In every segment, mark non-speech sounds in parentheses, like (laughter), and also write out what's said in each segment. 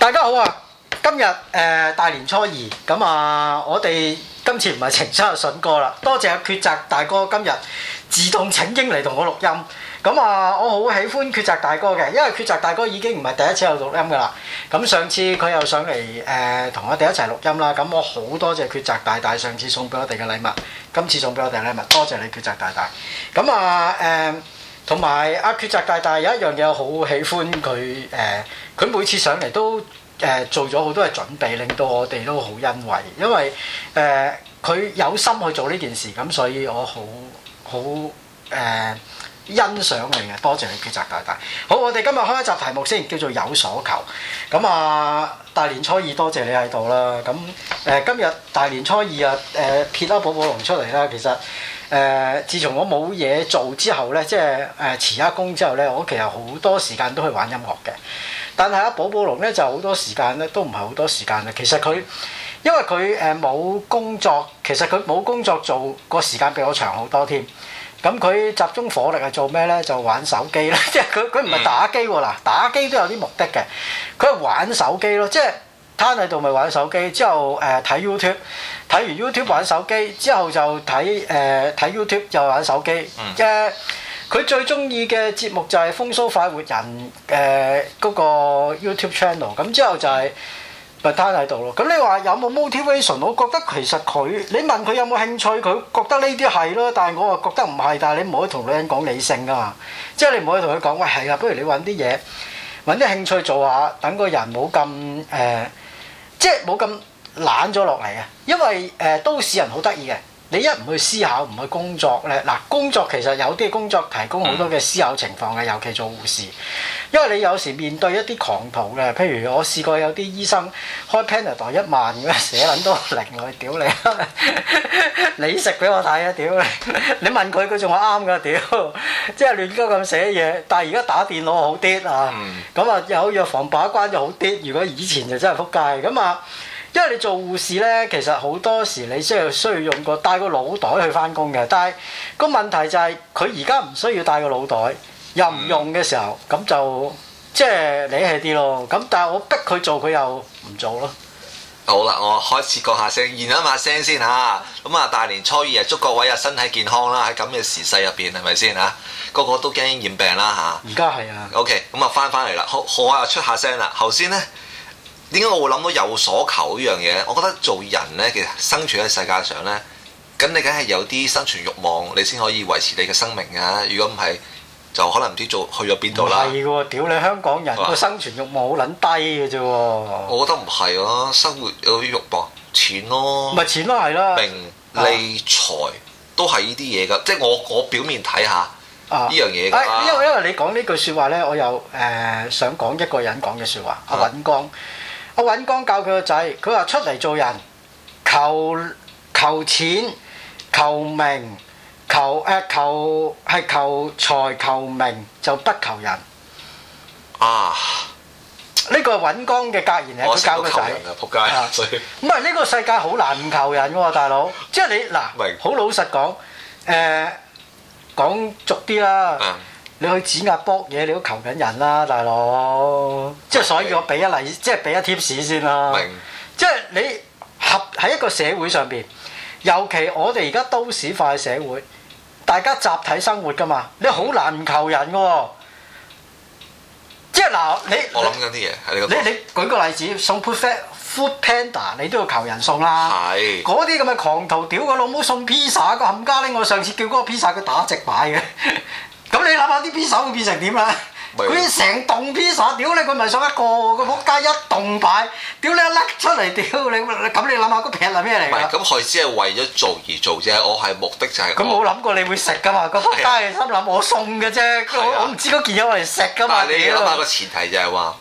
大家好啊！今日誒、呃、大年初二，咁啊，我哋今次唔係情深日信哥啦，多謝阿抉擇大哥今日自動請纓嚟同我錄音。咁啊，我好喜歡抉擇大哥嘅，因為抉擇大哥已經唔係第一次有錄音噶啦。咁上次佢又上嚟誒同我哋一齊錄音啦。咁我好多謝抉擇大大上次送俾我哋嘅禮物，今次送俾我哋嘅禮物，多謝你抉擇大大。咁啊誒，同埋阿抉擇大大有一樣嘢我好喜歡佢誒。呃佢每次上嚟都誒做咗好多嘅準備，令到我哋都好欣慰，因為誒佢、呃、有心去做呢件事，咁所以我好好誒欣賞你嘅。多謝你抉擇大大。好，我哋今日開一集題目先，叫做有所求。咁啊，大年初二多謝你喺度啦。咁誒、呃，今日大年初二啊，誒撇啦寶寶龍出嚟啦。其實誒、呃，自從我冇嘢做之後咧，即係誒辭咗工之後咧，我其實好多時間都去玩音樂嘅。但係啊，寶寶龍咧就好多時間咧，都唔係好多時間啦。其實佢因為佢誒冇工作，其實佢冇工作做，個時間比我長好多添。咁佢集中火力係做咩咧？就玩手機啦，即係佢佢唔係打機喎嗱，打機都有啲目的嘅，佢係玩手機咯，即係攤喺度咪玩手機，之後誒睇、呃、YouTube，睇完 YouTube 玩手機，之後就睇誒睇、呃、YouTube 就玩手機，嗯、即係。佢最中意嘅節目就係《風騷快活人》嘅嗰個 YouTube channel，咁之後就係擺攤喺度咯。咁你話有冇 motivation？我覺得其實佢，你問佢有冇興趣，佢覺得呢啲係咯。但係我又覺得唔係。但係你唔可以同女人講理性㗎嘛，即係你唔可以同佢講，喂，係啊，不如你揾啲嘢揾啲興趣做下，等個人冇咁誒，即係冇咁懶咗落嚟啊。因為誒都市人好得意嘅。你一唔去思考，唔去工作咧，嗱，工作其實有啲工作提供好多嘅思考情況嘅，嗯、尤其做護士，因為你有時面對一啲狂徒嘅，譬如我試過有啲醫生開 Panadol 一萬咁樣寫撚多零㗎，屌你，你，你食俾我睇啊，屌你，你問佢佢仲話啱㗎，屌，即係亂鳩咁寫嘢，但係而家打電腦好啲啊，咁啊、嗯、有藥房把關就好啲，如果以前就真係撲街咁啊。因為你做護士咧，其實好多時你即係需要用個帶個腦袋去翻工嘅，但係個問題就係佢而家唔需要帶個腦袋，又唔用嘅時候，咁、嗯、就即係你氣啲咯。咁但係我逼佢做，佢又唔做咯。好啦，我開始講下聲，現音下聲先吓，咁啊，大年初二啊，祝各位啊身體健康啦！喺咁嘅時勢入邊，係咪先吓，個個都驚染病啦吓，而家係啊。啊 OK，咁啊翻翻嚟啦。好，我又出下聲啦。頭先咧。點解我會諗到有所求呢樣嘢？我覺得做人呢，其實生存喺世界上呢，咁你梗係有啲生存欲望，你先可以維持你嘅生命啊！如果唔係，就可能唔知做去咗邊度啦。係喎，屌你香港人個生存欲望好撚低嘅啫。我覺得唔係喎，生活有啲欲望，錢咯。咪係錢咯，係啦。名利、啊、財都係呢啲嘢㗎，即係我我表面睇下呢樣嘢。因為因為你講呢句説話呢，我又誒、呃、想講一個人講嘅説話，阿尹光。啊阿尹光教佢個仔，佢話出嚟，做人，求求錢，求名，求誒求係求財求，求名，就不求人。啊！呢個尹光嘅格言係佢教個仔。我求人啊仆街！唔係，呢個世界好難唔求人喎，大佬。 (laughs) 即係你嗱，好白老實講，誒、呃，講俗啲啦。嗯你去指壓剝嘢，你都求緊人啦，大佬白。即係所以，我俾一例，即係俾一 t i 先啦。即係你合喺一個社會上邊，尤其我哋而家都市化嘅社會，大家集體生活㗎嘛，你好難求人㗎。即係嗱，你我諗緊啲嘢你你你舉個例子，送 perfect food t e n d a 你都要求人送啦。嗰啲咁嘅狂徒屌㗎，老母送披 i z 個冚家拎。我上次叫嗰個 p i 佢打直擺嘅。 (laughs) 咁你諗下啲披薩會變成點啦？佢成的棟披薩，屌你佢咪送一個？個仆街一棟擺，屌你一甩出嚟，屌你！咁你諗下嗰餅係咩嚟？唔係咁，佢只係為咗做而做啫。我係目的就係。佢冇諗過你會食噶嘛？個仆街心諗我送嘅啫，的我唔知嗰件有人食噶嘛。但係你諗下個前提就係話，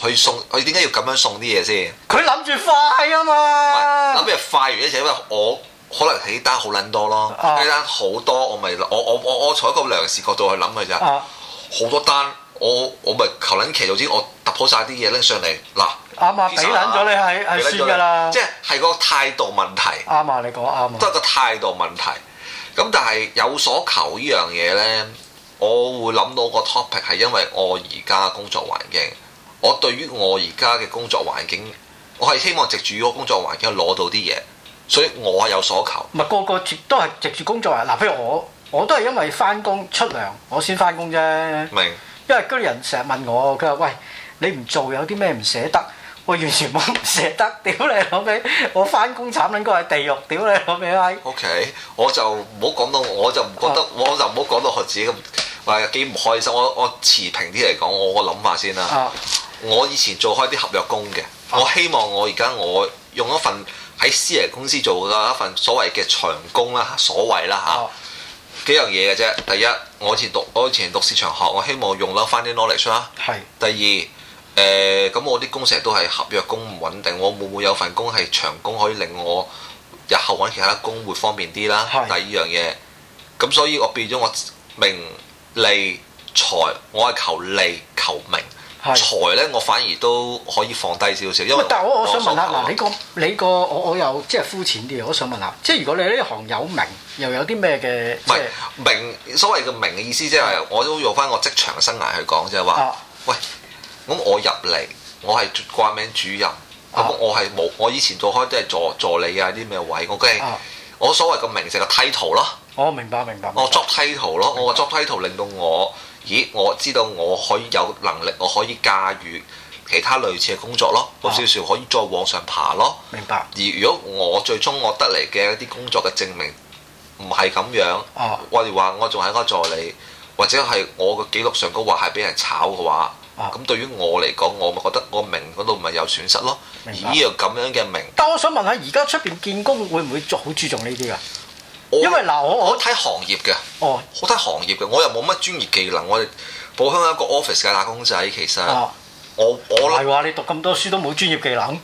佢送佢點解要咁樣送啲嘢先？佢諗住快啊嘛！諗住快完一齊咩？我。可能起單好撚多咯，起單好多，我咪我我我我從一個糧食角度去諗佢咋，啊，好多單，我我咪求撚其，頭先，我突破晒啲嘢拎上嚟嗱，啱啊，俾撚咗你係係算㗎啦，即係個態度問題，啱啊，你講啱啊，都係個態度問題。咁但係有所求呢樣嘢咧，我會諗到個 topic 係因為我而家工作環境，我對於我而家嘅工作環境，我係希望籍住個工作環境攞到啲嘢。所以我係有所求。唔係個個都係藉住工作啊！嗱，譬如我我都係因為翻工出糧，我先翻工啫。明白。因為嗰啲人成日問我，佢話：喂，你唔做有啲咩唔捨得？我完全冇唔捨得，屌你攞俾我翻工慘應該係地獄，屌你攞俾你。OK，我就唔好講到，我就唔覺得，啊、我就唔好講到我自己咁喂，啊、幾唔開心。我我持平啲嚟講，我我諗下先啦。啊、我以前做開啲合約工嘅，啊、我希望我而家我用一份。喺私人公司做嘅一份所謂嘅長工啦，所謂啦嚇，幾樣嘢嘅啫。第一，我以前讀，我以前讀市場學，我希望用翻啲 knowledge 啦。係。第二，誒、呃、咁我啲工成日都係合約工唔穩定，我會唔會有份工係長工可以令我日後揾其他工會方便啲啦？係。第二樣嘢，咁所以我變咗我名利財，我係求利求名。財咧，我反而都可以放低少少，因為但係我我想問下，嗱，你個你個我我又即係膚淺啲我想問下，即係如果你呢行有名，又有啲咩嘅？唔係名，所謂嘅名嘅意思即係嗯、我都用翻我職場生涯去講，即係話，啊、喂，咁我入嚟，我係掛名主任，咁、啊、我係冇，我以前做開都係助助理啊啲咩位，我梗係，啊、我所謂嘅名成個 title 咯、哦。我明白明白。我作 title 咯，我作 title 白 tit 令到我。咦，我知道我可以有能力，我可以駕馭其他類似嘅工作咯，好、啊、少少可以再往上爬咯。明白。而如果我最終我得嚟嘅一啲工作嘅證明唔係咁樣，啊、我哋話我仲喺個助理，或者係我嘅記錄上高話係俾人炒嘅話，咁、啊、對於我嚟講，我咪覺得我名嗰度咪有損失咯。而依個咁樣嘅名，但我想問下，而家出邊見工會唔會好注重呢啲㗎？我因為嗱，我我睇行業嘅，好睇，哦、行業嘅，我又冇乜專業技能，我哋，保鄉一個 office 嘅打工仔，其實，哦、我我唔係話你讀咁多書都冇專業技能。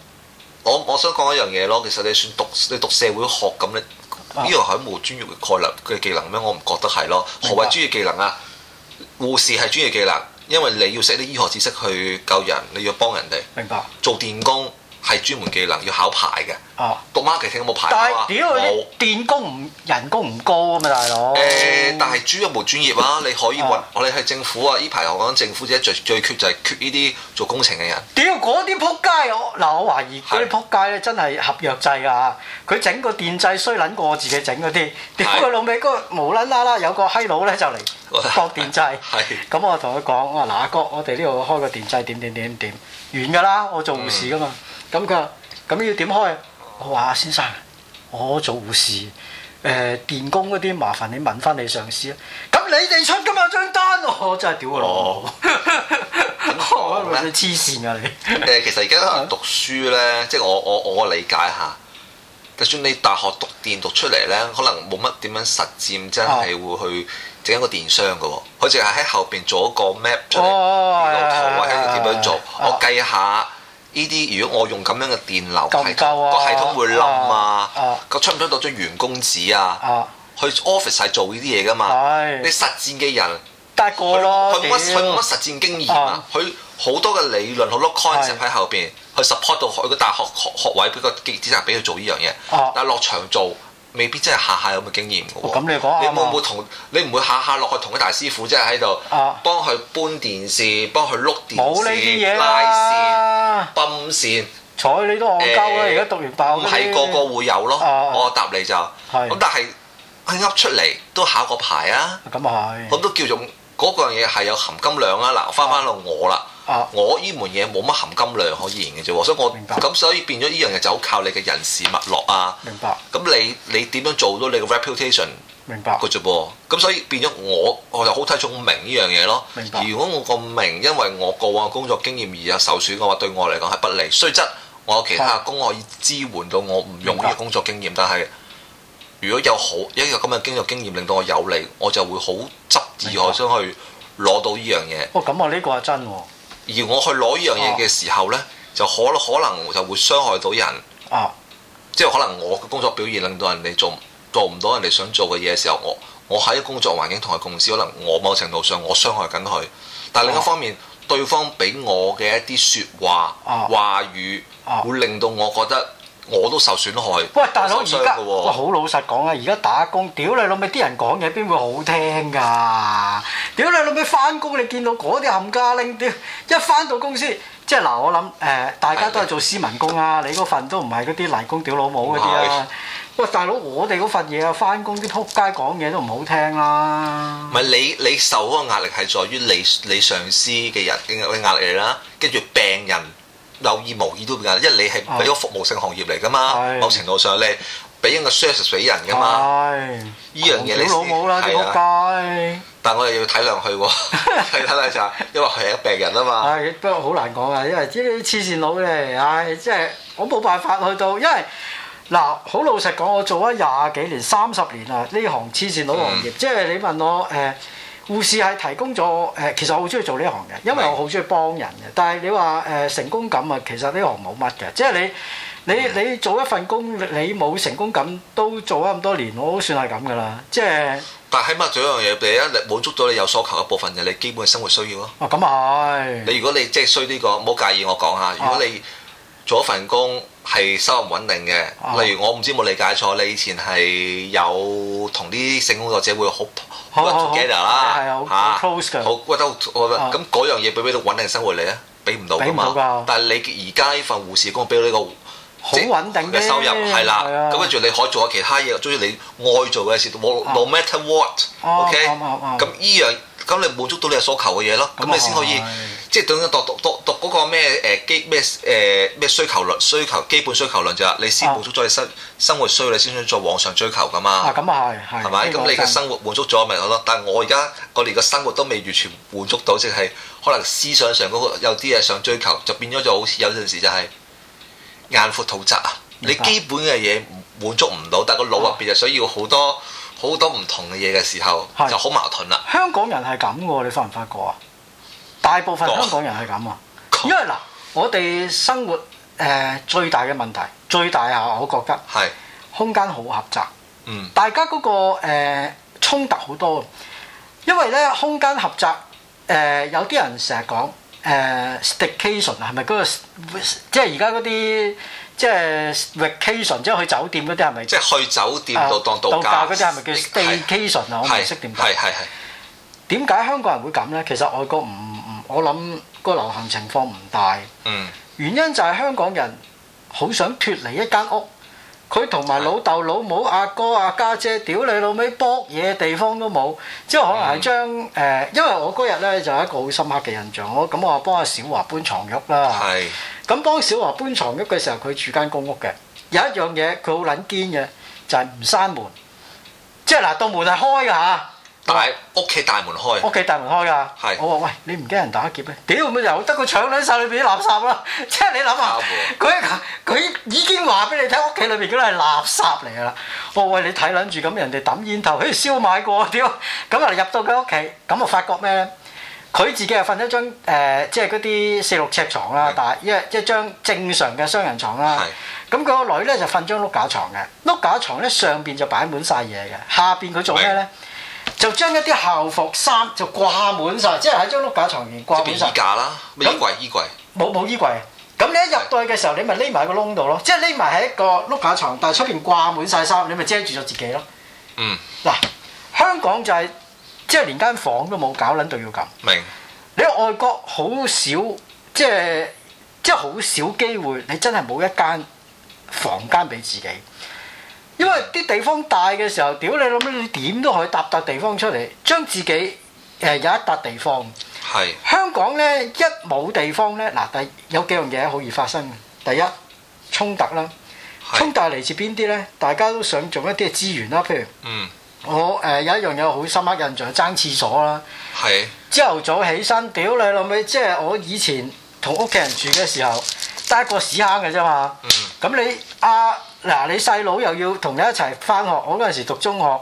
我我想講一樣嘢咯，其實你算讀你讀社會學咁，呢呢樣係冇專業嘅概念嘅技能咩？我唔覺得係咯，何謂專業技能啊？護白士係專業技能，因為你要識啲醫學知識去救人，你要幫人哋。明白。做電工。係專門技能要考牌嘅，讀 marketing 冇牌啊！屌佢啲電工唔人工唔高啊嘛，大佬。誒，但係主要冇專業啊！你可以揾我哋係政府啊！呢排我講政府而家最最缺就係缺呢啲做工程嘅人。屌嗰啲仆街，嗱我懷疑嗰啲仆街咧真係合約制㗎，佢整個電掣衰撚過我自己整嗰啲。屌佢老味，嗰個無啦啦有個閪佬咧就嚟割電掣，咁我同佢講，我話嗱阿哥，我哋呢度開個電掣點點點點遠㗎啦，我做護士㗎嘛。咁嘅，咁要點開？我話先生，我做護士，誒、呃、電工嗰啲麻煩你問翻你上司啦。咁你哋出今日張單？哦哦嗯嗯、我真係屌我老母！黐線啊你！誒，其實而家讀書咧，即係我我我理解下，就算你大學讀電讀出嚟咧，可能冇乜點樣實踐，真係會去整一個電商嘅喎，佢淨係喺後邊做一個 map 出嚟，地圖喺度點樣做？我計下。呢啲如果我用咁樣嘅電流系統，夠唔夠啊？個系統會冧啊！個、啊、出唔出到張員工紙啊？啊去 office 係做呢啲嘢㗎嘛？係是。你實戰嘅人，但係佢冇乜，佢冇乜要實戰經驗啊！佢好多嘅理論，好多 concept 喺是後邊去 support 到佢個大學學學位，俾個資質俾佢做呢樣嘢。啊、但係落場做。未必真係下下有咁嘅經驗嘅喎，咁你講，你會唔會同你唔會下下落去同啲大師傅即係喺度幫佢搬電視、幫佢碌電視、冇呢啲嘢，拉線、泵線，睬你都戇鳩啦。而家讀完大學，唔係個個會有咯。我答你就咁，但係佢噏出嚟都考過牌啊，咁啊係，咁都叫做嗰個樣嘢係有含金量啊。嗱，翻翻到我啦。Uh, 我呢門嘢冇乜含金量可言嘅啫，所以我明白。咁所以變咗呢樣嘢就好靠你嘅人事脈絡啊。明白。咁你你點樣做到你嘅 reputation？明白，嘅啫噃。咁所以變咗我我就好睇重明呢樣嘢咯。明白。如果我個明，因為我過往嘅工作經驗而有受損嘅話，對我嚟講係不利。雖則我有其他工可以支援到我唔用呢個，明白，工作經驗，但係如果有好一樣咁嘅工作經驗令到我有利，我就會好執意。我想去攞到呢樣嘢。哦，咁啊，呢個係真喎。而我去攞呢樣嘢嘅時候咧，啊、就可可能就會傷害到人，啊、即係可能我嘅工作表現令到人哋做做唔到人哋想做嘅嘢嘅時候，我我喺工作環境同佢共事，可能我某程度上我傷害緊佢，但係另一方面，啊、對方俾我嘅一啲説話、啊、話語，啊啊、會令到我覺得。我都受損害。喂，大佬而家，我好老實講啊，而家打工，屌你老味啲人講嘢邊會好聽㗎？屌你老味翻工，你見到嗰啲冚家拎屌，一翻到公司，即係嗱，我諗誒，大家都係做市民工啊，你嗰份都唔係嗰啲泥工屌老母嗰啲啊。喂，大佬，我哋嗰份嘢啊，翻工啲撲街講嘢都唔好聽啦。唔係你你受嗰個壓力係在於你你上司嘅人嘅壓力嚟啦，跟住病人。有意無意都唔緊，因為你係咪一個服務性行業嚟噶嘛？哎、某程度上你俾緊個 service 俾人噶嘛？呢樣嘢你老母啦，唔該的。但我又要體諒佢喎，又要體諒，因為佢係病人啊嘛。不過好難講啊，因為啲黐線佬咧，唉、哎，即係我冇辦法去到，因為嗱，好老實講，我做咗廿幾年、三十年啦呢行黐線佬行業，嗯、即係你問我誒。呃護士係提供咗誒，其實我好中意做呢行嘅，因為我好中意幫人嘅。但係你話誒成功感啊，其實呢行冇乜嘅，即係你你、嗯、你做一份工，你冇成功感都做咗咁多年，我都算係咁噶啦，即係。但係起碼做一樣嘢，畀一你滿足咗你有所求嘅部分人，你基本嘅生活需要咯。哦、啊，咁啊你如果你即係需呢、呢個，唔好介意我講下。如果你做一份工。啊係收入穩定嘅，例如我唔知有冇理解錯，你以前係有同啲性工作者會好 good together 啦嚇，好 good 咁嗰樣嘢俾俾到穩定生活你啊？俾唔到㗎嘛。但係你而家呢份護士工俾到呢個好穩定嘅收入，係啦。咁跟住你可以做下其他嘢，鍾意你愛做嘅事。冇 no matter what，OK？咁依樣。咁你滿足到你所求嘅嘢咯，咁你先可以即係等咗讀讀讀讀嗰個咩誒基咩誒咩需求量需求基本需求量就係你先滿足咗你生生活需要，你先想再往上追求噶嘛。啊，咁啊係咪？咁你嘅生活滿足咗咪好咯？但係我而家我哋嘅生活都未完全滿足到，即係可能思想上嗰個有啲嘢想追求，就變咗就好似有陣時就係眼闊肚窄啊！你基本嘅嘢唔滿足唔到，但係個腦入邊又想要好多。好多唔同嘅嘢嘅時候是就好矛盾啦。香港人係咁嘅喎，你發唔發覺啊？大部分香港人係咁啊，oh. 因為嗱，我哋生活誒、呃、最大嘅問題，最大啊，我覺得係是空間好狹窄，嗯，大家嗰、那個誒、呃、衝突好多，因為咧空間狹窄，誒、呃、有啲人成日講誒 staycation 啊，係咪嗰個即係而家嗰啲？即係 vacation，即係去酒店嗰啲係咪？即係去酒店度度假嗰啲係咪叫 staycation 啊？我唔識點解。係點解香港人會咁呢？其實外國唔唔，我諗個流行情況唔大。嗯、原因就係香港人好想脱離一間屋，佢同埋老豆老母、阿哥阿家姐、姐，屌你老尾，卜嘢地方都冇。即係可能係將誒，嗯、因為我嗰日呢，就係一個好深刻嘅印象，我咁我幫阿小華搬床褥啦。咁當小華搬床屋嘅時候，佢住間公屋嘅。有一樣嘢佢好撚堅嘅，就係唔閂門。即係嗱，道門係開㗎嚇。但係屋企大門開，屋企大門開㗎。是我話喂，你唔驚人打劫咩？屌，咪由得佢搶撚曬手裏邊啲垃圾啦。即係你諗下，佢佢已經話俾你睇，屋企裏邊嗰啲係垃圾嚟㗎啦。我、哦、喂，你睇撚住咁人哋抌煙頭，佢燒賣過，屌！咁啊入到佢屋企，咁啊發覺咩？佢自己係瞓咗張誒、呃，即係嗰啲四六尺床啦，但係是的 一一張正常嘅雙人床啦。咁佢個女咧就瞓張碌架床嘅，碌架床咧上邊就擺滿晒嘢嘅，下邊佢做咩咧？是的 就將一啲校服衫就掛滿晒，即係喺張碌架床邊掛滿晒。即係衣架啦，全咩衣櫃？樣衣櫃冇，冇衣櫃。咁你一入到去嘅時候，的你咪匿埋喺個窿度咯，即係匿埋喺一個碌架床。但係出邊掛滿晒衫，你咪遮住咗自己咯。嗯，嗱，香港就係、是。即係連間房都冇，搞撚到要咁明白？你喺外國好少，即係即係好少機會，你真係冇一間房間俾自己。因為啲地方大嘅時候，屌、嗯、你諗乜？你點都可以搭笪地方出嚟，將自己誒有一笪地方。係是香港咧，一冇地方咧，嗱第有幾樣嘢好易發生。第一衝突啦，衝突嚟自邊啲咧？是大家都想做一啲資源啦，譬如嗯。我誒、呃、有一樣嘢好深刻印象，爭廁所啦。係朝頭早起身，屌你老味！即係我以前同屋企人住嘅時候，得一個屎坑嘅啫嘛。嗯。咁你阿嗱、啊、你細佬又要同你一齊翻學，我嗰陣時讀中學，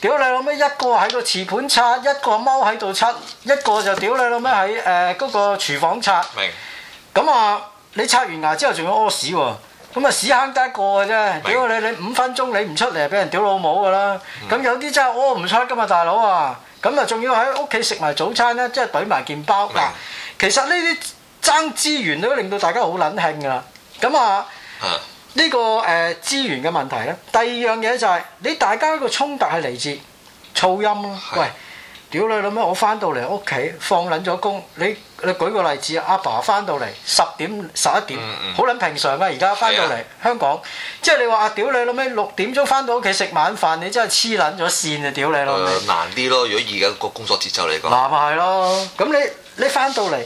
屌你老味，一個喺個瓷盤刷，一個踎喺度刷，一個就屌你老味喺誒嗰個廚房刷。明白。咁啊，你刷完牙之後仲要屙屎喎。啊。咁啊，屎坑得一個嘅啫，屌你白你五分鐘你唔出嚟啊，俾人屌老母㗎啦！咁、嗯、有啲真係屙唔出㗎嘛，大佬啊！咁啊，仲要喺屋企食埋早餐咧，即係懟埋件包㗎。白其實呢啲爭資源都令到大家好撚興㗎。咁啊呢、呢個誒、呃、資源嘅問題咧，第二樣嘢就係、是、你大家個衝突係嚟自噪音咯。是喂！屌你老味！我翻到嚟屋企放撚咗工，你你舉個例子，阿爸翻到嚟十點十一點，好撚、嗯嗯、平常啊。而家翻到嚟是的 香港，即係你話啊！屌你老味，六點鐘翻到屋企食晚飯，你真係黐撚咗線啊！屌你老味、呃。難啲咯。如果而家個工作節奏嚟講，嗱咪係咯。咁你你翻到嚟。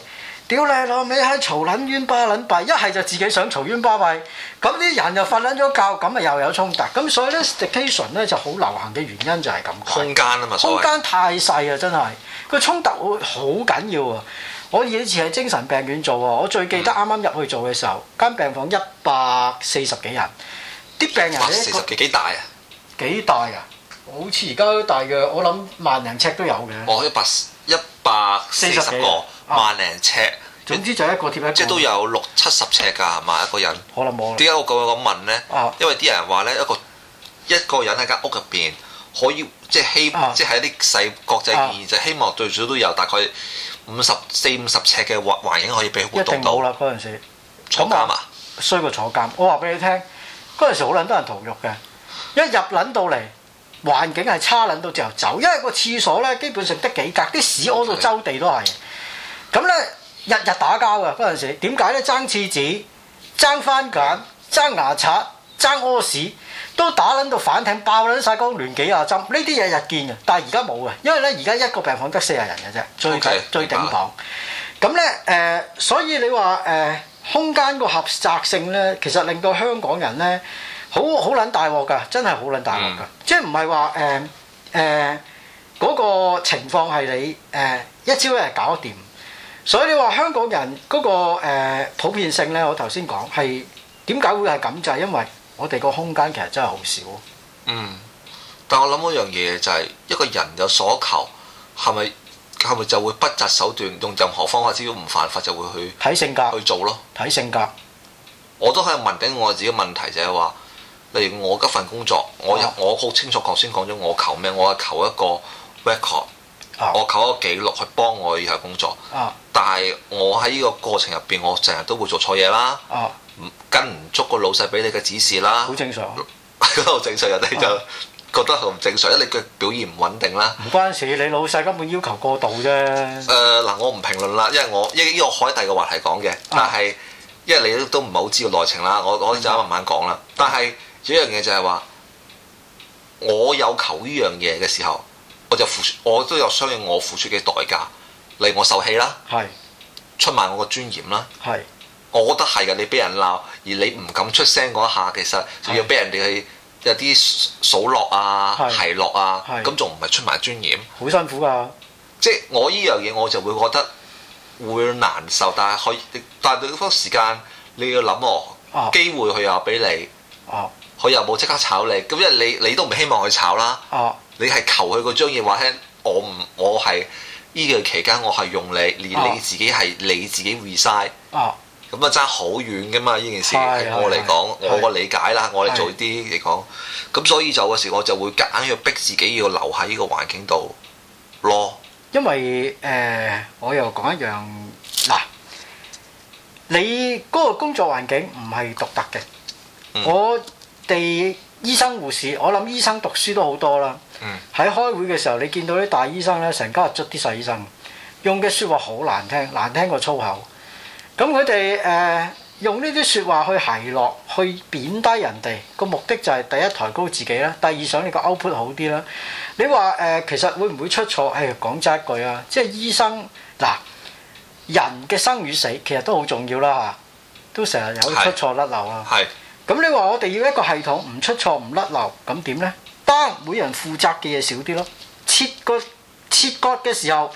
屌你老味，喺嘈撚冤巴撚閉，一係就自己想嘈冤巴閉，咁啲人又瞓撚咗覺，咁啊又有衝突，咁所以咧 station (laughs) 咧就好流行嘅原因就係咁。空間啊嘛，空間太細啊，真係個衝突會好緊要啊！我以前喺精神病院做啊，我最記得啱啱入去做嘅時候，嗯、間病房一百四十幾人，啲病人咧。百四十幾幾大啊？幾大啊？好似而家大約，我諗萬零尺都有嘅。我一百。百四十個萬零尺，啊、也總之就一個貼一個，即係都有六七十尺㗎，係嘛一個人？可能冇。點解我咁樣咁問咧？啊、因為啲人話咧一個一個人喺間屋入邊可以即係、即係、希即係喺啲細國際意義、啊、就希望最少都有大概五十四五十尺嘅環環境可以俾活動到。一定冇啦，嗰陣時。坐監啊？衰過坐監。我話俾你聽，嗰陣時好撚多人同肉嘅，一入撚到嚟。環境係差撚到就走，因為個廁所咧基本上得幾格，啲屎屙到周地都係。咁咧日日打交啊，嗰陣時，點解咧爭廁紙、爭番梘、爭牙刷、爭屙屎，都打撚到反艇爆撚晒光亂幾下針。呢啲嘢日見嘅，但係而家冇嘅，因為咧而家一個病房得四十人嘅啫，最 Okay. 最頂房。咁咧誒，所以你話誒、呃、空間個狹窄性咧，其實令到香港人咧。好好撚大鑊㗎，真係好撚大鑊㗎，嗯、即係唔係話誒誒嗰個情況係你誒、呃、一朝一日搞掂，所以你話香港人嗰、那個、呃、普遍性咧，我頭先講係點解會係咁就係、是、因為我哋個空間其實真係好少。嗯，但我諗一樣嘢就係、是、一個人有所求，係咪，係咪就會不擇手段，用任何方法只要唔犯法就會去睇性格去做咯。睇性格，我都喺度問緊我自己問題就係、是、話。例如我嗰份工作，我我好清楚頭先講咗我求咩，我係求一個 record，我求一個記錄去幫我以後工作。但係我喺呢個過程入邊，我成日都會做錯嘢啦，跟唔足個老細俾你嘅指示啦。好正常、啊，喺嗰度正常，人哋就覺得唔正常，因為你嘅表現唔穩定啦。唔關事，你老細根本要求過度啫。誒嗱、呃，我唔評論啦，因為我因為呢個海底嘅話題講嘅，但係因為你都唔係好知道內情啦，我我就慢慢講啦。但係。嗯有一樣嘢就係話，我有求呢樣嘢嘅時候，我就付出，我都有相應我付出嘅代價嚟，例如我受氣啦，係是出賣我個尊嚴啦，係是，我覺得係嘅。你俾人鬧而你唔敢出聲嗰一下，其實就要俾人哋去有啲數落啊、奚是落啊，咁仲唔係出賣尊嚴？好辛苦㗎，即係我呢樣嘢，我就會覺得會難受。但係去，但係好多時間你要諗哦，機會佢又俾你，哦。啊啊啊佢又冇即刻炒你，咁因為你你都唔希望佢炒啦。哦你，你係求佢個張嘢話聽，我唔我係依個期間我係用你，連你、哦、你自己係你自己 resign、哦。哦，咁啊爭好遠嘅嘛呢件事，嗯我，我嚟講，我個理解啦，我嚟做啲嚟講，咁所以就有時我就會夾硬要逼自己要留喺呢個環境度咯。因為誒、呃，我又講一樣嗱，啊、你嗰個工作環境唔係獨特嘅，我、嗯。 (noise) 我哋醫生、護士，我諗醫生讀書都好多啦。喺、嗯、開會嘅時候，你見到啲大醫生咧，成家捉啲細醫生，用嘅説話好難聽，難聽過粗口。咁佢哋誒用呢啲説話去奚落、去貶低人哋，個目的就係第一抬高自己啦，第二想你個 output 好啲啦。你話誒、呃，其實會唔會出錯？誒、哎，講真一句啊，即係醫生嗱，人嘅生與死其實都好重要啦嚇，都成日有出錯甩是漏啊。咁你話我哋要一個系統唔出錯唔甩漏，咁點呢？當每人負責嘅嘢少啲咯。切割設個嘅時候，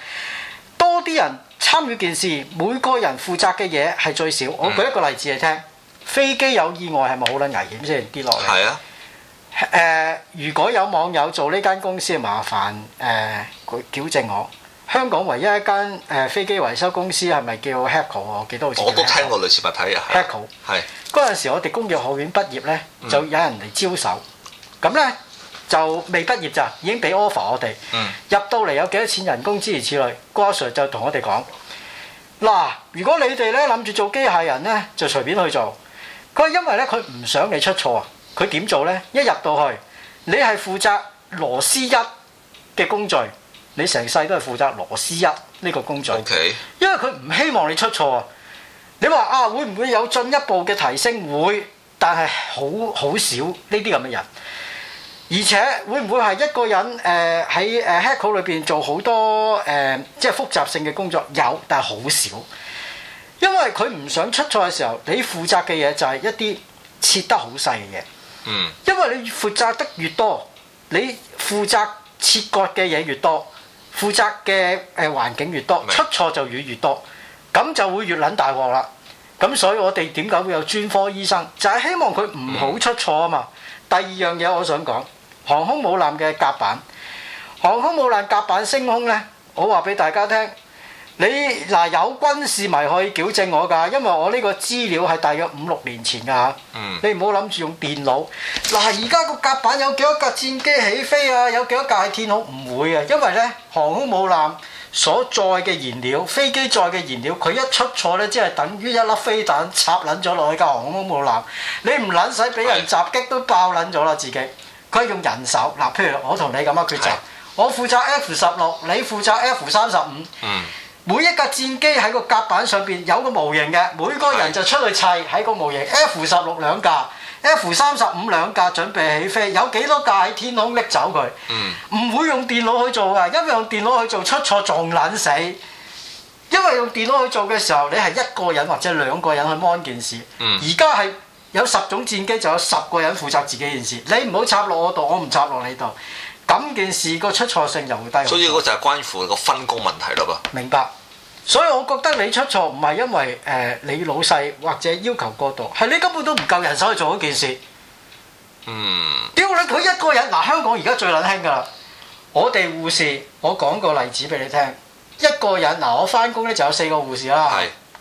多啲人參與件事，每個人負責嘅嘢係最少。嗯、我舉一個例子嚟聽，飛機有意外係咪好撚危險先跌落嚟？係啊。誒呀、呃，如果有網友做呢間公司，麻煩誒佢、呃、矯正我。香港唯一一間誒飛機維修公司係咪叫 h e c k l e，我記得好似我都聽過類似物體啊。Hacko 係。嗰陣時我哋工業學院畢業咧，嗯、就有人嚟招手，咁咧就未畢業咋，已經俾 offer 我哋。嗯、入到嚟有幾多錢人工諸如此類，郭阿 Sir 就同我哋講：嗱，如果你哋咧諗住做機械人咧，就隨便去做。佢話因為咧佢唔想你出錯啊，佢點做咧？一入到去，你係負責螺絲一嘅工序，你成世都係負責螺絲一呢個工序，Okay。因為佢唔希望你出錯啊。你話啊，會唔會有進一步嘅提升？會，但係好好少呢啲咁嘅人。而且會唔會係一個人誒喺誒 Hackle 裏邊做好多誒、呃、即係複雜性嘅工作？有，但係好少。因為佢唔想出錯嘅時候，你負責嘅嘢就係一啲切得好細嘅嘢。嗯。因為你負責得越多，你負責切割嘅嘢越多，負責嘅誒、呃、環境越多，出錯就越越多。嗯。咁就會越撚大鑊啦，咁所以我哋點解會有專科醫生？就係、是、希望佢唔好出錯啊嘛。嗯、第二樣嘢我想講，航空母艦嘅甲板，航空母艦甲板升空呢，我話俾大家聽，你嗱、啊、有軍事迷可以矯正我㗎，因為我呢個資料係大約五六年前㗎嚇。嗯、你唔好諗住用電腦，嗱而家個甲板有幾多架戰機起飛啊？有幾多架喺天空？唔會嘅，因為呢航空母艦，所載嘅燃料，飛機載嘅燃料，佢一出錯呢，即係等於一粒飛彈插撚咗落去架航空母艦。你唔撚使俾人襲擊的都爆撚咗啦自己。佢係用人手，嗱，譬如我同你咁樣決戰，的我負責 F 十六，你負責 F 三十五。每一架戰機喺個甲板上邊有個模型嘅，每個人就出去砌喺個模型。的 F 十六兩架。F 三十五兩架準備起飛，有幾多架喺天空拎走佢？嗯，唔會用電腦去做嘅，因為用電腦去做出錯仲撚死。因為用電腦去做嘅時候，你係一個人或者兩個人去 mon 件事。而家係有十種戰機，就有十個人負責自己件事。你唔好插落我度，我唔插落你度。咁件事個出錯性就會低。所以嗰就係關乎個分工問題啦噃。明白。所以我覺得你出錯唔係因為誒、呃、你老細或者要求過度，係你根本都唔夠人手去做件事。嗯，屌你！佢一個人嗱、呃，香港而家最撚輕㗎喇。我哋護士，我講個例子俾你聽。一個人嗱、呃，我返工咧就有四個護士啦，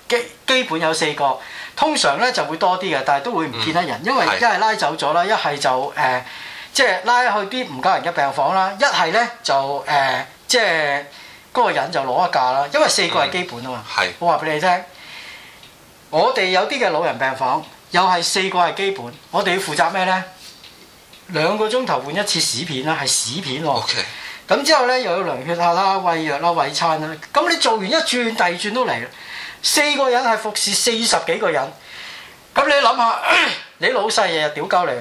基是基本有四個，通常咧就會多啲嘅，但係都會唔見得人，嗯、因為一係拉走咗啦，一係就誒、呃，即係拉去啲唔夠人嘅病房啦，一係咧就誒、呃，即係。呃即嗰個人就攞一價啦，因為四個係基本啊嘛。嗯、我話俾你聽，我哋有啲嘅老人病房又係四個係基本，我哋要負責咩呢？兩個鐘頭換一次屎片啦，係屎片喎。咁之 Okay. 後呢，又要量血壓啦、餵藥啦、餵餐啦。咁你做完一轉，第二轉都嚟啦。四個人係服侍四十幾個人，咁你諗下、呃，你老細日日屌鳩你，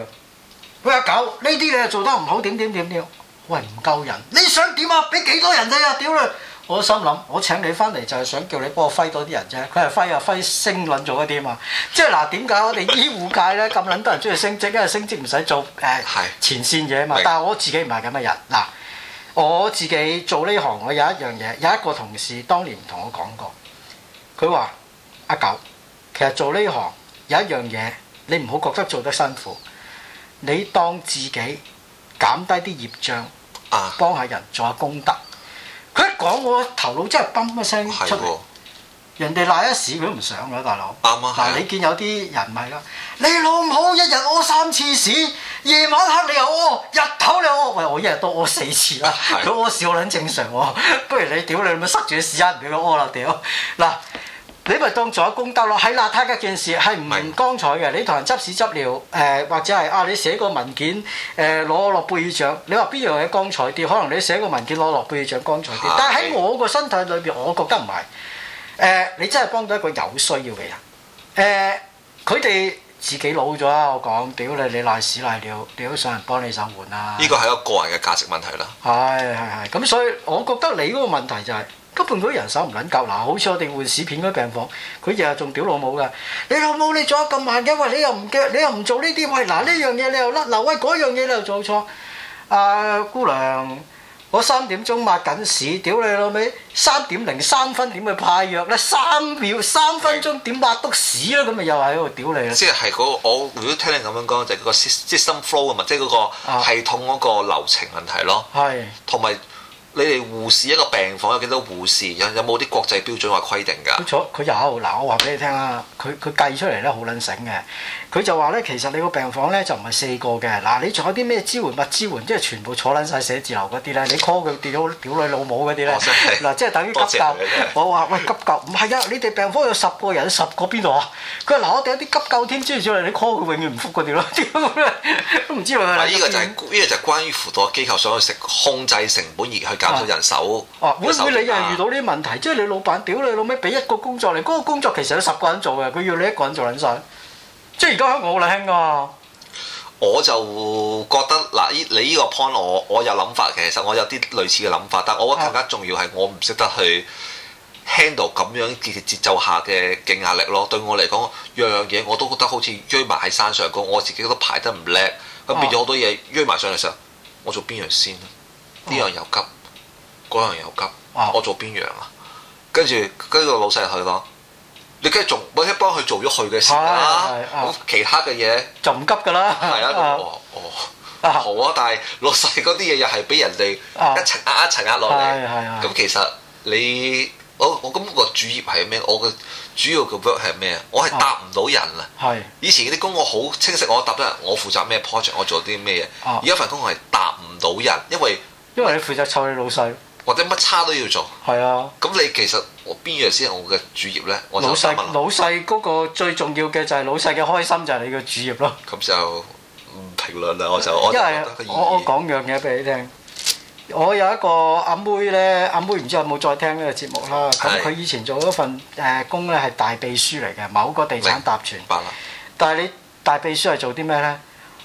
喂阿狗，呢啲你又做得唔好，點點點點。喂，唔夠人，你想點啊？俾幾多人啫？啊，屌你！我心諗，我請你翻嚟就係想叫你幫我揮多啲人啫。佢係揮啊揮升撚咗一啲啊嘛。即係嗱，點、啊、解我哋醫護界咧咁撚多人中意升職咧？因為升職唔使做誒前線嘢啊嘛。的但係我自己唔係咁嘅人嗱，我自己做呢行我有一樣嘢，有一個同事當年同我講過，佢話：阿狗，其實做呢行有一樣嘢，你唔好覺得做得辛苦，你當自己減低啲業障。啊！幫下人，做下功德。佢一講，我頭腦真係嘣一聲的出嚟。人哋瀨一屎佢都唔想啦、啊，大佬。嗱的，你見有啲人咪係啦？的你老母一日屙三次屎，夜晚黑你又屙，日頭你又屙。喂，我一日都屙四次啦，佢屙屎我捻正常喎、啊。不如你屌你，咪塞住啲屎吖，唔俾佢屙啦，屌！嗱。你咪當做咗功德咯，喺邋遢嘅件事係唔明光彩嘅。你同人執屎執尿，誒、呃、或者係啊，你寫個文件誒攞諾貝爾獎。你話邊樣嘢光彩啲？可能你寫個文件攞諾貝爾獎光彩啲。但喺我個身體裏邊，我覺得唔係。誒、呃，你真係幫到一個有需要嘅人。誒、呃，佢哋自己老咗啦，我講，屌你你瀨屎瀨尿，屌想人幫你手換啦。呢個係一個個人嘅價值問題啦。係係係，咁所以我覺得你嗰個問題就係、是。根本佢人手唔撚夠，嗱，好似我哋換屎片嗰病房，佢日日仲屌老母㗎。你老母你做得咁慢嘅，喂，你又唔嘅，你又唔做呢啲喂，嗱呢樣嘢你又甩，嗱喂嗰樣嘢你又做錯。啊、呃，姑娘，我三點鐘抹緊屎，屌你老味，三點零三分點去派藥咧，三秒三分鐘點抹得屎咧，咁咪又喺度屌你啊！即係嗰、那個、我如果聽你咁樣講，就係、是、嗰個即係 system flow 嘅問題，嗰個系統嗰個流程問題咯，係同埋。你哋護士一個病房有幾多護士？有有冇啲國際標準話規定㗎？佢坐佢有嗱，我話俾你聽啊，佢佢計出嚟咧好撚醒嘅。佢就話咧，其實你個病房咧就唔係四個嘅。嗱，你仲有啲咩支援物支援，即係全部坐撚晒寫字樓嗰啲咧，你 call 佢跌到屌女老母嗰啲咧。嗱、哦，即係等於急、欸、急救。我話喂急救唔係啊，你哋病房有十個人，十個邊度啊？佢話嗱，我哋有啲急救天災，所以你 call 佢永遠唔復嗰啲咯。都 (laughs) 唔知佢係。呢是個就係、是、呢、嗯、個就係關於輔導機構想去食控制成本而去。減少、啊、人手，啊手啊、會唔會你又遇到呢啲問題？即係你老闆屌你老妹，俾一個工作你，嗰、嗰個工作其實有十個人做嘅，佢要你一個人做撚曬。即係而家香港好難啊。我就覺得嗱，依你呢個 point，我我有諗法嘅。其實我有啲類似嘅諗法，但係我覺得更加重要係我唔識得去 handle 咁樣節節奏下嘅勁壓力咯。對我嚟講，樣樣嘢我都覺得好似追埋喺山上咁，我自己都排得唔叻，咁變咗好多嘢追埋上嚟時我做邊樣先呢？呢樣又急。啊嗰樣又急，我做邊樣啊？跟住跟住個老細去囉，你跟住仲，我先幫佢做咗佢嘅事啦。咁其他嘅嘢就唔急㗎啦。係啊，咁我哦，好啊，但係老細嗰啲嘢又係俾人哋一層壓一層壓落嚟。咁其實你我我咁個主業係咩？我嘅主要嘅 work 係咩啊？我係答唔到人啦。係。以前啲工我好清晰，我答得人，我負責咩 project，我做啲咩嘢。而家份工我係答唔到人，因為因為你負責湊你老細。或者乜差都要做，係啊。咁你其實我邊樣先係我嘅主業咧？老細闆老細嗰個最重要嘅就係老細嘅開心就係你嘅主業咯。咁就唔評論啦，我就是我我講樣嘢俾你聽。我有一個阿妹咧，阿妹唔知有冇再聽呢個節目啦。咁佢的以前做咗份誒工咧，係大秘書嚟嘅，某個地產集團。明白啦。但係你大秘書係做啲咩咧？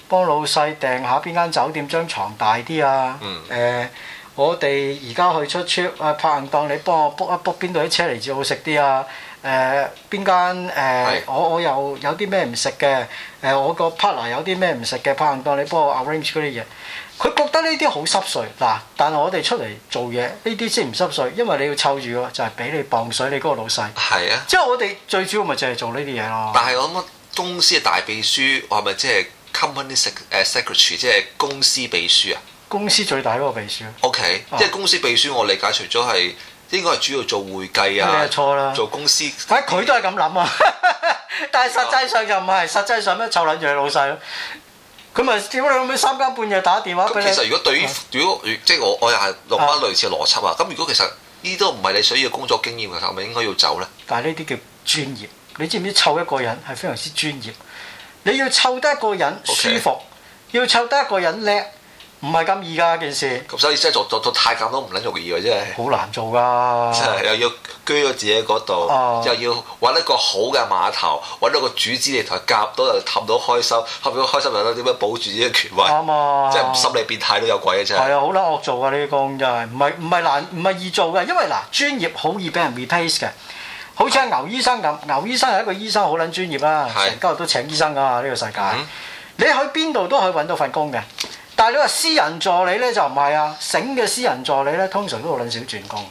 幫老細訂下邊間酒店張床大啲啊？嗯。誒。我哋而家去出 trip 啊，拍行檔，你幫我 book 一 book 邊度啲車嚟至好食啲啊？誒、呃，邊間誒、呃？我我又有啲咩唔食嘅？誒，我個 partner 有啲咩唔食嘅？拍行檔，你幫我 arrange 嗰啲嘢。佢覺得呢啲好濕碎嗱，但我哋出嚟做嘢呢啲先唔濕碎，因為你要湊住咯，就係、是、俾你磅水你嗰個老細。係啊，即係我哋最主要咪就係做呢啲嘢咯。但係我諗公司嘅大秘書係咪即係 company secret secretary，即係公司秘書啊？公司最大嗰個秘書，O、okay, K，即係公司秘書，我理解除咗係應該係主要做會計啊，啊做公司，嚇佢都係咁諗啊， (laughs) 但係實際上就唔係，啊、實際上咩湊攬住你老細咯，咁咪點解你老母三更半夜打電話俾你？其實如果對於屌、啊、即係我我又係落翻類似嘅邏輯啊，咁如果其實呢都唔係你想要嘅工作經驗嘅時候，咪應該要走咧。但係呢啲叫專業，你知唔知湊一個人係非常之專業？你要湊得一個人舒服，Okay. 要湊得一個人叻。唔係咁易噶件事。咁所以真係做做做太監都唔撚容易嘅，真係。好難做㗎。真係又要居咗自己嗰度，又要揾一個好嘅碼頭，揾到個主子嚟同佢夾到又氹到開心，氹到開心又點樣保住自己嘅權位？啱啊！即係心理變態都有鬼啊！真係。係啊，好撚惡做啊！呢個工真係唔係唔係難，唔係易做嘅。因為嗱，專業好易俾人 replace 嘅，好似阿牛醫生咁，牛醫生係一個醫生，好撚專業啊。成日都請醫生㗎嘛，呢個世界。你去邊度都可以揾到份工嘅。但係你話私人助理咧就唔係啊，醒嘅私人助理咧通常都好撚少轉工，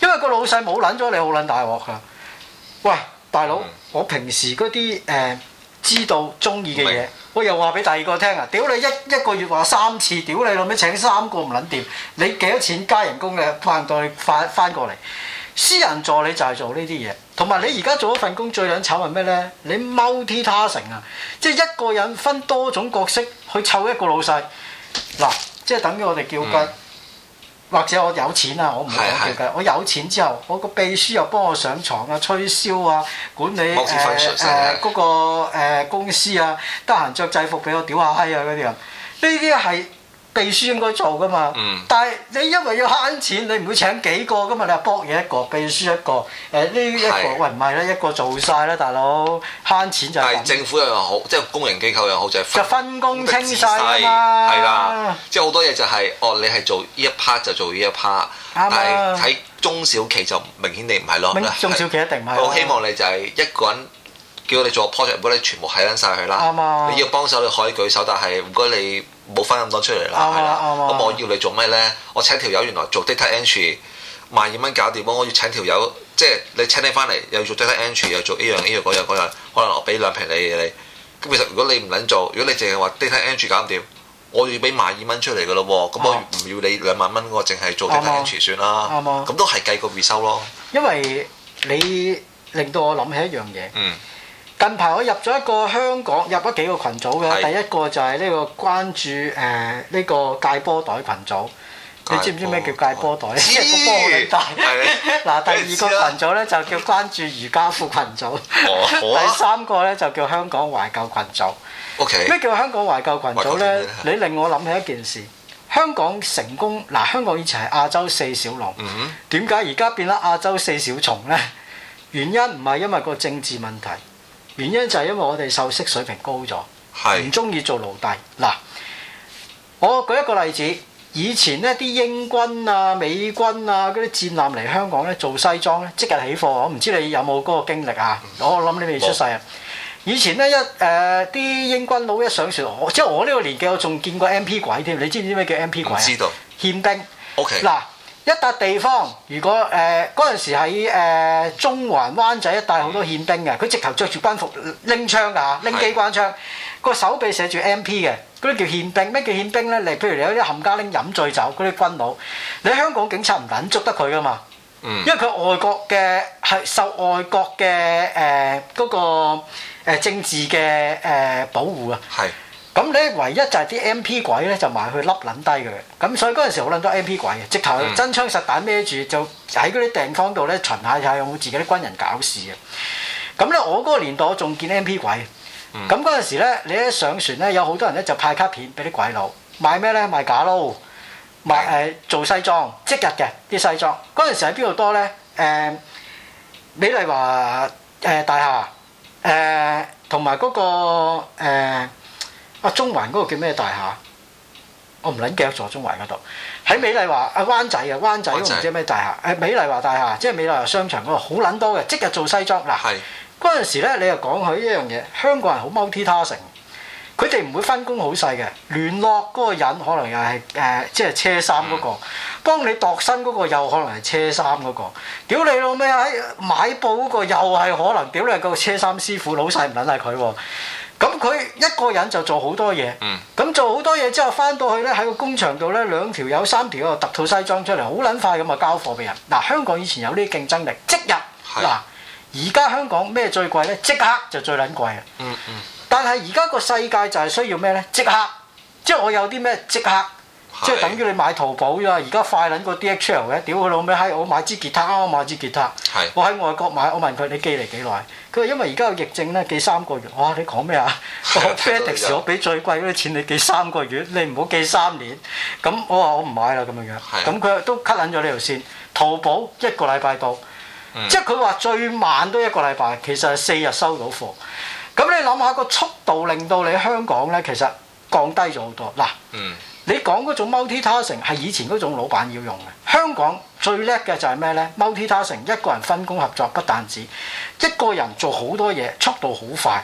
因為個老細冇撚咗你，好撚大鑊㗎。喂，大佬，嗯、我平時嗰啲誒知道中意嘅嘢，嗯、我又話俾第二個聽啊，屌、嗯、你一一個月話三次，屌你老咩請三個唔撚掂？你幾多錢加人工嘅，唔到當你翻翻過嚟。私人助理就係做，做呢啲嘢，同埋你而家做一份工最撚慘係咩咧？你 multitasking 啊，即係一個人分多種角色去湊一個老細。嗱，即係等於我哋叫雞，嗯、或者我有錢啊，我唔會叫雞。是是我有錢之後，我個秘書又幫我上床啊、吹簫啊、管理誒誒嗰個誒公司啊，是的 得閒着制服俾我屌下閪啊嗰啲人，呢啲係。秘書應該做㗎嘛，嗯、但係你因為要慳錢，你唔會請幾個㗎嘛，你話僕嘢一個，秘書一個，誒、欸、呢一個，是喂唔係啦，一個做晒啦，大佬慳錢就係。政府又好，即係工人機構又好，就係、是、分，分工清曬啦，係啦，即係好多嘢就係、是，哦你係做呢一 part 就做呢一 part，但係喺中小企就明顯你唔係咯。中小企一定唔係。我希望你就係一個人。叫你做 project，如果你全部喺緊曬佢啦，嗎你要幫手你可以舉手，但係唔該你冇翻咁多出嚟啦，係啦。咁我要你做咩呢？我請條友原來做 data entry，萬二蚊搞掂。我要請條友，即係你請你翻嚟，又要做 data entry，又做呢樣呢樣嗰樣嗰樣，可能我俾兩瓶你，你咁其實如果你唔撚做，如果你淨係話 data entry 搞唔掂，我要俾萬二蚊出嚟噶咯喎。咁嗎我唔要你兩萬蚊，我淨係做 data entry 算啦。啱咁嗎都係計個回收咯。因為你令到我諗起一樣嘢。嗯近排我入咗一個香港入咗幾個群組嘅，第一個就係呢個關注誒呢個戒波袋群組，你知唔知咩叫戒波袋？波，嗱，第二個群組咧就叫關注瑜伽褲群組，第三個咧就叫香港懷舊群組。咩叫香港懷舊群組咧？你令我諗起一件事，香港成功，嗱，香港以前係亞洲四小龍，點解而家變咗亞洲四小蟲咧？原因唔係因為個政治問題。原因就係因為我哋受識水平高咗，唔中意做奴隸。嗱，我舉一個例子，以前咧啲英軍啊、美軍啊嗰啲戰艦嚟香港咧做西裝咧，即日起貨。我唔知你有冇嗰個經歷啊？我諗你未出世啊。有以前咧一誒啲、呃、英軍佬一上船，即係我呢個年紀，我仲見過 M P 鬼添。你知唔知咩叫 M P 鬼啊？知道。憲兵。O Okay . K。嗱。一笪地方，如果誒嗰陣時喺誒中環灣仔一帶好多憲兵嘅，佢直頭著住軍服拎槍㗎，拎機關槍，個手臂寫住 MP 嘅，嗰啲叫憲兵。咩叫憲兵咧？你譬如有啲冚家拎飲醉酒嗰啲軍佬，你喺香港警察唔揾捉得佢噶嘛？嗯，因為佢外國嘅係受外國嘅誒嗰個誒政治嘅誒保護啊。係。咁咧，唯一就係啲 M P 鬼咧，就埋去笠撚低佢。咁所以嗰陣時好撚多 M P 鬼嘅，直頭真槍實彈孭住，就喺嗰啲地方度咧，巡下睇下有冇自己啲軍人搞事嘅。咁咧，我嗰個年代我仲見 M P 鬼。咁嗰陣時咧，你一上船咧，有好多人咧就派卡片俾啲鬼佬賣咩咧？賣假撈，賣誒是的、呃、做西裝，即日嘅啲西裝。嗰陣時喺邊度多咧？誒、呃，美麗華誒、呃、大廈，誒同埋嗰個、呃中環嗰個叫咩大廈？我唔撚記得咗，中環嗰度喺美麗華啊，灣仔啊，灣仔嗰個唔知咩大廈，係、就是、美麗華大廈，即、就、係、是、美麗華商場嗰個好撚多嘅，即日做西裝嗱。嗰陣是時咧，你又講佢一樣嘢，香港人好 multi-tasking，佢哋唔會分工好細嘅，聯絡嗰個人可能又係誒，即、呃、係、就是、車衫嗰、那個、嗯、幫你度身嗰個又可能係車衫嗰、那個，屌你老味啊！喺買布嗰個又係可能，屌你個車衫師傅老細唔撚係佢喎。咁佢一個人就做好多嘢，咁、嗯、做好多嘢之後翻到去咧喺個工場度咧兩條友三條啊特套西裝出嚟，好撚快咁啊交貨俾人。嗱香港以前有啲競爭力，即日嗱，而家是 香港咩最貴咧？即刻就最撚貴啊！嗯嗯。但係而家個世界就係需要咩咧？即刻，即係我有啲咩即刻，是 即係等於你買淘寶啫。而家快撚過 DHL 嘅，屌佢老味閪！我買支吉他啊，買支吉他，我喺是 外國買，我問佢你寄嚟幾耐？佢因為而家個疫症咧，寄三個月哇！你講咩啊？FedEx 我俾最貴嗰啲錢你寄三個月，你唔好寄三年。咁我話我唔買啦咁樣樣。咁佢的、嗯嗯、都 cut 緊咗呢條線。淘寶一個禮拜到，即係佢話最慢都一個禮拜，其實係四日收到貨。咁你諗下、嗰個速度，令到你香港咧，其實降低咗好多。嗱，嗯、你講嗰種 multi-tasking 係以前嗰種老闆要用嘅，香港。最叻嘅就係咩咧？multi-tasking 一個人分工合作，不但止一個人做好多嘢，速度好快。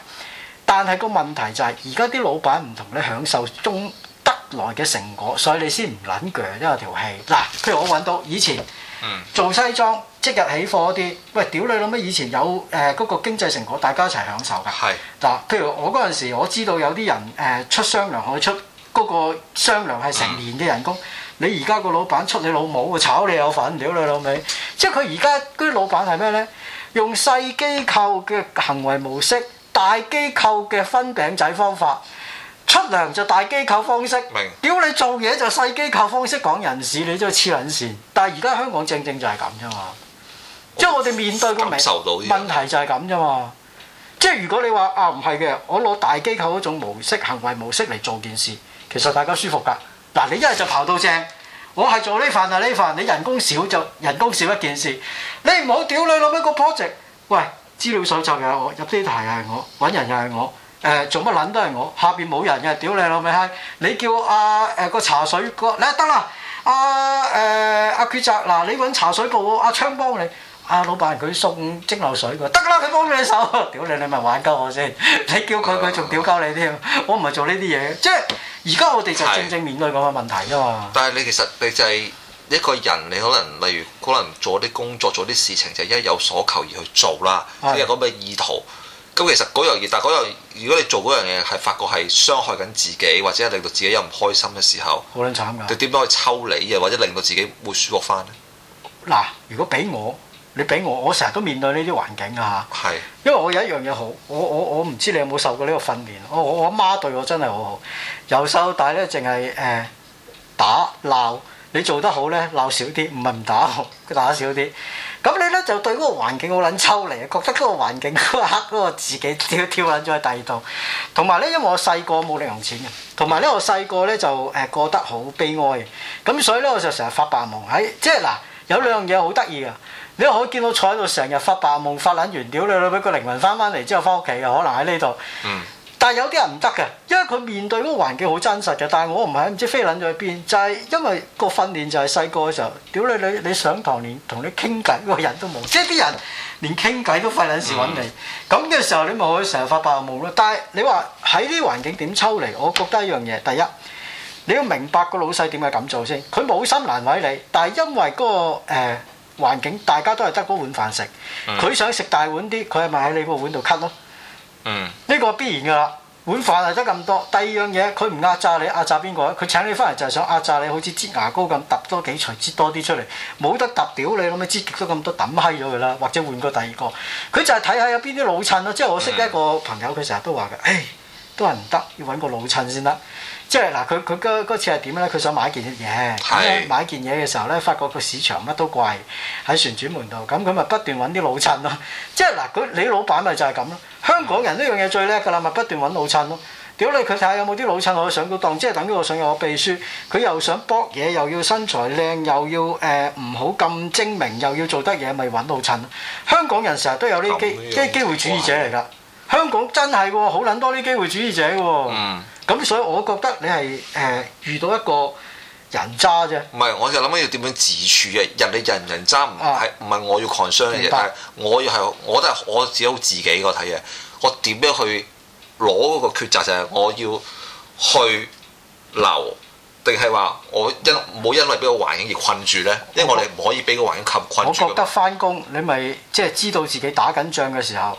但係個問題就係而家啲老闆唔同你享受中得來嘅成果，所以你先唔捻鋸呢個條氣。嗱，譬如我揾到以前做西裝、嗯、即日起貨嗰啲，喂屌你老母！以前有誒嗰、呃那個經濟成果，大家一齊享受㗎。嗱是，譬如我嗰陣時我知道有啲人誒、呃、出商糧可以出嗰個商糧係成年嘅人工。嗯嗯你而家個老闆出你老母，炒你有份屌你老味！即係佢而家嗰啲老闆係咩咧？用細機構嘅行為模式，大機構嘅分餅仔方法，出糧就大機構方式。明白。屌你做嘢就細機構方式講人事，你真係黐撚線。但係而家香港正正就係咁啫嘛，即係我哋面對個明問題就係咁啫嘛。即係如果你話啊唔係嘅，我攞大機構嗰種模式行為模式嚟做件事，其實大家舒服㗎。嗱、啊，你一日就刨到正，我係做呢份啊呢份，你人工少就人工少一件事，你唔好屌你老味、呢個 project，喂，資料搜集又入啲 data 係我，揾人又係我，我呃、做乜撚都係我，下面冇人嘅，屌你老味、嗯、你叫阿個茶水哥，嗱得啦，阿誒阿決澤，嗱、啊啊啊啊啊、你揾茶水部阿昌幫你。啊！老闆佢送蒸餾水，佢得啦！佢幫你手，屌 (laughs) (laughs) 你，你！你咪玩鳩我先，你叫佢佢仲屌鳩你添。我唔係做呢啲嘢，即係而家我哋就正正面對咁嘅問題啫嘛。但係你其實你就係一個人，你可能例如可能做啲工作、做啲事情，就係、一有所求而去做啦。你、就係、有咁嘅的意圖，咁其實嗰樣嘢，但係嗰樣如果你做嗰樣嘢係發覺係傷害緊自己，或者令到自己有唔開心嘅時候，好撚慘㗎。你點樣去抽你啊？或者令到自己會舒服翻呢？嗱， (laughs) 如果俾我。你俾我，我成日都面對呢啲環境啊！係，是因為我有一樣嘢好，我我我唔知你有冇受過呢個訓練。我我阿媽對我真係好好，由細到大咧，淨係誒打鬧。你做得好咧，鬧少啲，唔係唔打，佢打少啲。咁你咧就對嗰個環境好撚抽離，覺得嗰個環境嗰刻嗰個自己跳跳撚咗第二度。同埋咧，因為我細個冇零用錢嘅，同埋咧我細個咧就誒過得好悲哀嘅。咁所以咧我就成日發白夢。喺、哎、即係嗱，有兩樣嘢好得意啊！你可以見到坐喺度，成日發白夢、發撚完屌你老闆個靈魂翻翻嚟之後，翻屋企又可能喺呢度。嗯，但係有啲人唔得嘅，因為佢面對嗰個環境好真實嘅。但係我唔係唔知飛撚咗去邊，就係因為個訓練就係細個嘅時候，屌你你你上堂連同你傾偈個人都冇，即係啲人連傾偈都費撚事揾你。咁嘅時候你咪可以成日發白夢咯。但係你話喺呢環境點抽離？我覺得一樣嘢，第一你要明白個老細點解咁做先，佢冇心難為你，但係因為嗰個，呃環境大家都係得嗰碗飯食，佢、嗯、想食大碗啲，佢咪喺你碗、嗯、個碗度吸咯。呢個必然㗎啦，碗飯係得咁多。第二樣嘢，佢唔壓榨你，壓榨邊個？佢請你翻嚟就係想壓榨你，好似擠牙膏咁揼多幾錘擠多啲出嚟，冇得揼屌你，咁樣擠極都咁多，抌閪咗佢啦。或者換個第二個，佢就係睇下有邊啲老襯咯。即係我識一個朋友，佢成日都話嘅，唉，都係唔得，要揾個老襯先得。即係嗱，佢佢嗰次係點咧？佢想買件嘢，的買件嘢嘅時候咧，發覺個市場乜都貴，喺旋轉門度，咁佢咪不斷揾啲老襯咯。即係嗱，佢你老闆咪就係咁咯。香港人呢樣嘢最叻㗎啦，咪不斷揾老襯咯。屌你、嗯，佢睇下有冇啲老襯可以上到當，即係等於我上有我秘書，佢又想搏嘢，又要身材靚，又要誒唔好咁精明，又要做得嘢，咪揾老襯咯。香港人成日都有啲機，即係機會主義者嚟㗎。香港真係喎，好撚多啲機會主義者㗎喎。哇咁所以我覺得你係誒遇到一個人渣啫。唔係，我就諗緊要點樣自處啊。人哋人人渣唔係唔係我要 concern 嘅嘢，係事我要係我都係我只有自己個睇嘅。我點樣去攞嗰個抉擇就係、是、我要去留，定係話我因冇因為俾個環境而困住咧？我因為我哋唔可以俾個環境困住。住。我覺得返工你咪即係知道自己打緊仗嘅時候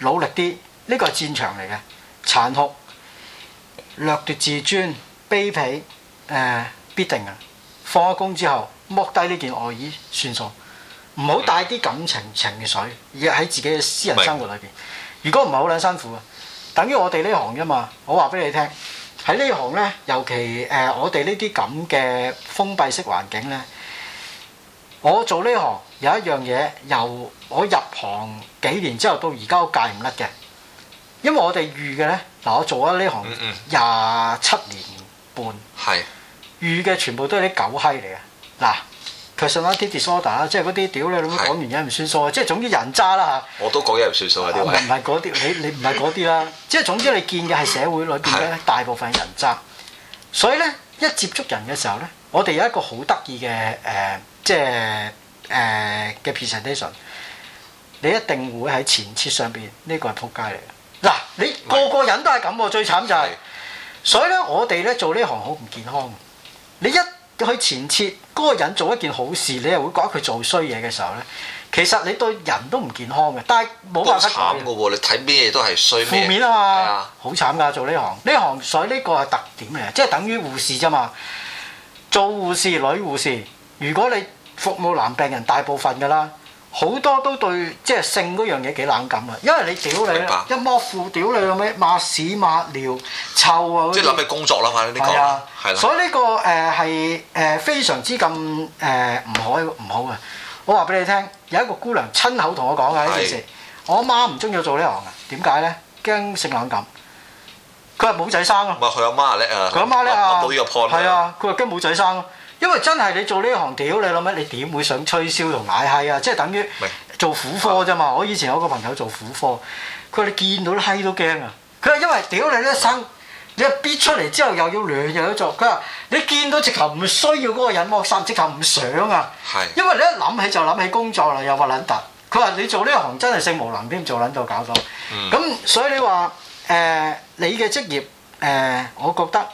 努力啲，呢個係戰場嚟嘅殘酷。掠奪自尊、卑鄙，誒必定啊！放咗工之後，剝低呢件外衣算數，唔好帶啲感情情緒，而喺自己嘅私人生活裏邊。如果唔係好兩辛苦啊，等於我哋呢行啫嘛。我話俾你聽，喺呢行呢，尤其誒我哋呢啲咁嘅封閉式環境呢，我做呢行有一樣嘢，由我入行幾年之後到而家都戒唔甩嘅。因為我哋遇嘅咧嗱，我做咗呢行廿七年半，遇嘅、嗯嗯、全部都係啲狗閪嚟嘅嗱。其實啦，啲 disorder 即係嗰啲屌你咁講完嘢唔算數，即係總之人渣啦嚇。我都講嘢唔算數啊！啲唔係嗰啲，你你唔係嗰啲啦，即係總之你見嘅係社會裏邊咧， (laughs) 大部分人渣，所以咧一接觸人嘅時候咧，我哋有一個好得意嘅誒，即係誒嘅 presentation，你一定會喺前設上邊呢、呢個係撲街嚟嘅。嗱，你個個人都係咁喎，最慘就係、是，是所以咧我哋咧做呢行好唔健康。你一去前設嗰、那個人做一件好事，你又會覺得佢做衰嘢嘅時候咧，其實你對人都唔健康嘅。但係冇辦法慘㗎喎，你睇咩都係衰，負面啊嘛，好、啊、慘噶做呢行，呢行所以呢個係特點嚟，即係等於護士咋嘛。做護士女護士，如果你服務男病人大部分㗎啦。好多都對即係性嗰樣嘢幾冷感啊！因為你屌你白一摸褲屌你咁樣抹屎抹尿，抹屎抹尿臭啊！即係諗起工作啦嘛，呢啲講啊，啊所以呢、呢個誒係誒非常之咁誒唔好唔好啊！我話俾你聽，有一個姑娘親口同我講嘅呢件事，啊、我媽唔中意我做呢行嘅，點解咧？驚性冷感，佢話冇仔生啊！唔係佢阿媽叻啊，佢阿媽叻啊，到啊！佢話驚冇仔生啊！因為真係你做呢行屌，你諗咩？你點會想吹簫同買閪啊？即係等於做苦科啫嘛！喂我以前有個朋友做苦科，佢話你見到啲閪都驚啊！佢話因為屌你一生，你一逼出嚟之後又要兩樣都做。佢話你見到直頭唔需要嗰個人喎，甚至直頭唔想啊！是因為你一諗起就諗起工作啦，又話撚突然。佢話你做呢行真係性無能添，做撚就搞到。咁、嗯、所以你話誒、呃、你嘅職業誒、呃，我覺得。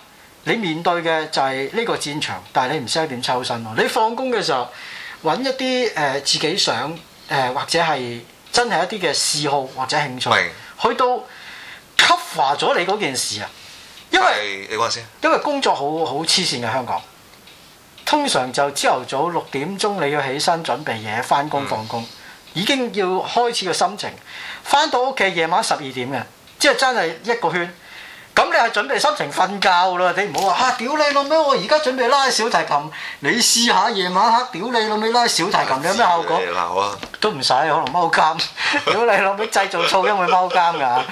你面對嘅就係呢個戰場，但係你唔識點抽身喎。你放工嘅時候揾一啲誒、呃、自己想誒、呃、或者係真係一啲嘅嗜好或者興趣，的去到 cover 咗你嗰件事啊。因為你講先，因為工作好好黐線嘅香港，通常就朝頭早六點鐘你要起身準備嘢返工放工，已經要開始個心情。返到屋企夜晚十二點嘅，即係真係一個圈。咁你係準備心情瞓覺啦，你唔好話嚇屌你老味，我而家準備拉小提琴，你試下夜晚黑屌你老味拉小提琴有咩效果？啊、屌都唔使，可能踎監。屌你老味，製造噪音去踎監㗎。啊，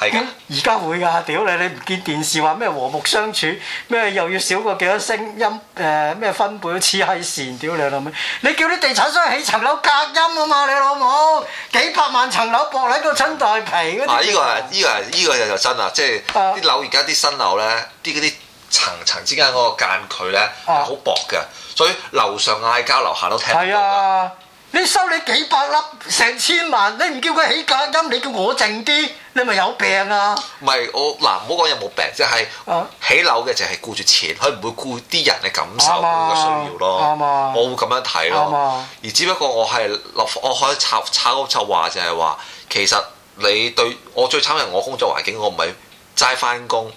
係，而家會㗎，屌你！你唔見電視話咩和睦相處，咩又要少過幾多聲音？誒、呃、咩分貝黐閪線？屌你老味！你叫啲地產商起層樓隔音啊嘛，你老母幾百萬層樓薄你個春袋皮呢啲。嗱，依個係呢個係依個就真啦，即係。樓而家啲新樓咧，啲啲層層之間嗰個間距咧係好薄嘅，所以樓上嗌交，樓下都聽到。係啊，你收你幾百粒，成千萬，你唔叫佢起隔音，你叫我靜啲，你咪有病啊！唔係我嗱，唔好講有冇病，即係起樓嘅就係顧住錢，佢唔會顧啲人嘅感受、嘅需要咯。啱我會咁樣睇咯。而只不過我係落我可以插插嗰句話，就係話其實你對我最慘係我工作環境，我唔係。齋翻工，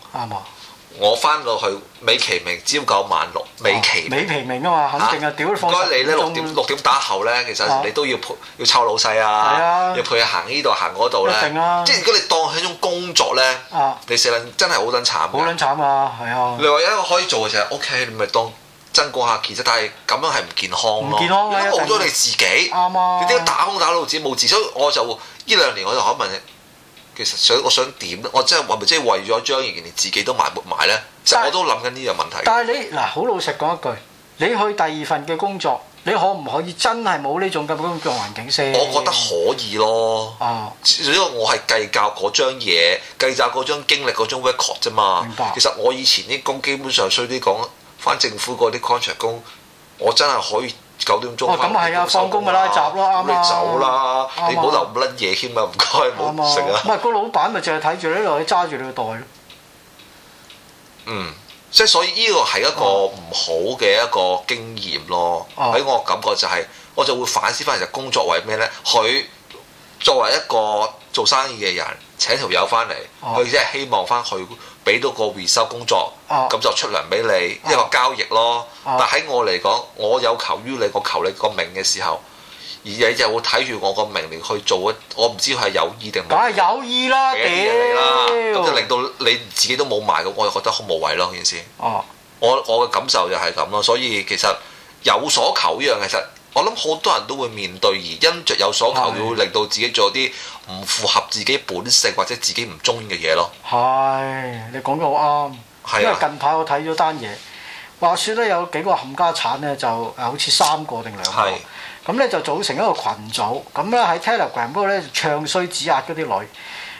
我翻到去美其名朝九晚六，美其美其名啊嘛，肯定啊，屌你方式該你咧六點六點打後咧，其實你都要陪要湊老細啊，要陪佢行呢度行嗰度咧，即係如果你當係一種工作咧，你成日真係好撚慘，好撚慘啊，係啊，你話有一個可以做嘅就係 OK，你咪當增過下其實，但係咁樣係唔健康咯，因為耗咗你自己，啱啊，你點解打工打到自己冇自，所以我就呢兩年我就想問你。其實想我想點咧？我真係係咪即係為咗將呢件嘢自己都埋沒埋咧？即係我都諗緊呢樣問題。但係你嗱，好老實講一句，你去第二份嘅工作，你可唔可以真係冇呢種咁嘅工作環境先？我覺得可以咯。哦，只不過我係計較嗰張嘢，計較嗰張經歷嗰張 record 啫嘛。明白。其實我以前啲工基本上衰，雖啲講翻政府嗰啲 contract 工，我真係可以。九點鐘啊，放工、哦，咪拉閘啦，走啦！嗯、你唔好留咁甩嘢添啊！唔該，冇食啊！唔係、個老闆咪淨係睇住你喺度揸住你個袋咯。嗯，即係所以呢個係一個唔好嘅一個經驗咯。喺、啊、我感覺就係、是，我就會反思翻，其實工作為咩咧？佢。作為一個做生意嘅人，請條友翻嚟，佢即係希望翻去俾到個回收工作，咁、哦、就出糧俾你一個、哦、交易咯。哦、但喺我嚟講，我有求於你，我求你個名嘅時候，而你就會睇住我個名嚟去做一，我唔知係有意定無意？梗係有意啦，屌！咁、欸、就令到你自己都冇賣，我就覺得好無謂咯呢件事。我我嘅感受就係咁咯，所以其實有所求呢樣其實。我諗好多人都會面對，而因着有所求，會的令到自己做啲唔符合自己本性或者自己唔鍾意嘅嘢咯。係，你講得好啱。的因為近排我睇咗單嘢，話說咧有幾個冚家產咧就好似三個定兩個咁咧，的就組成一個群組咁咧喺 Telegram 嗰度咧唱衰指壓嗰啲女。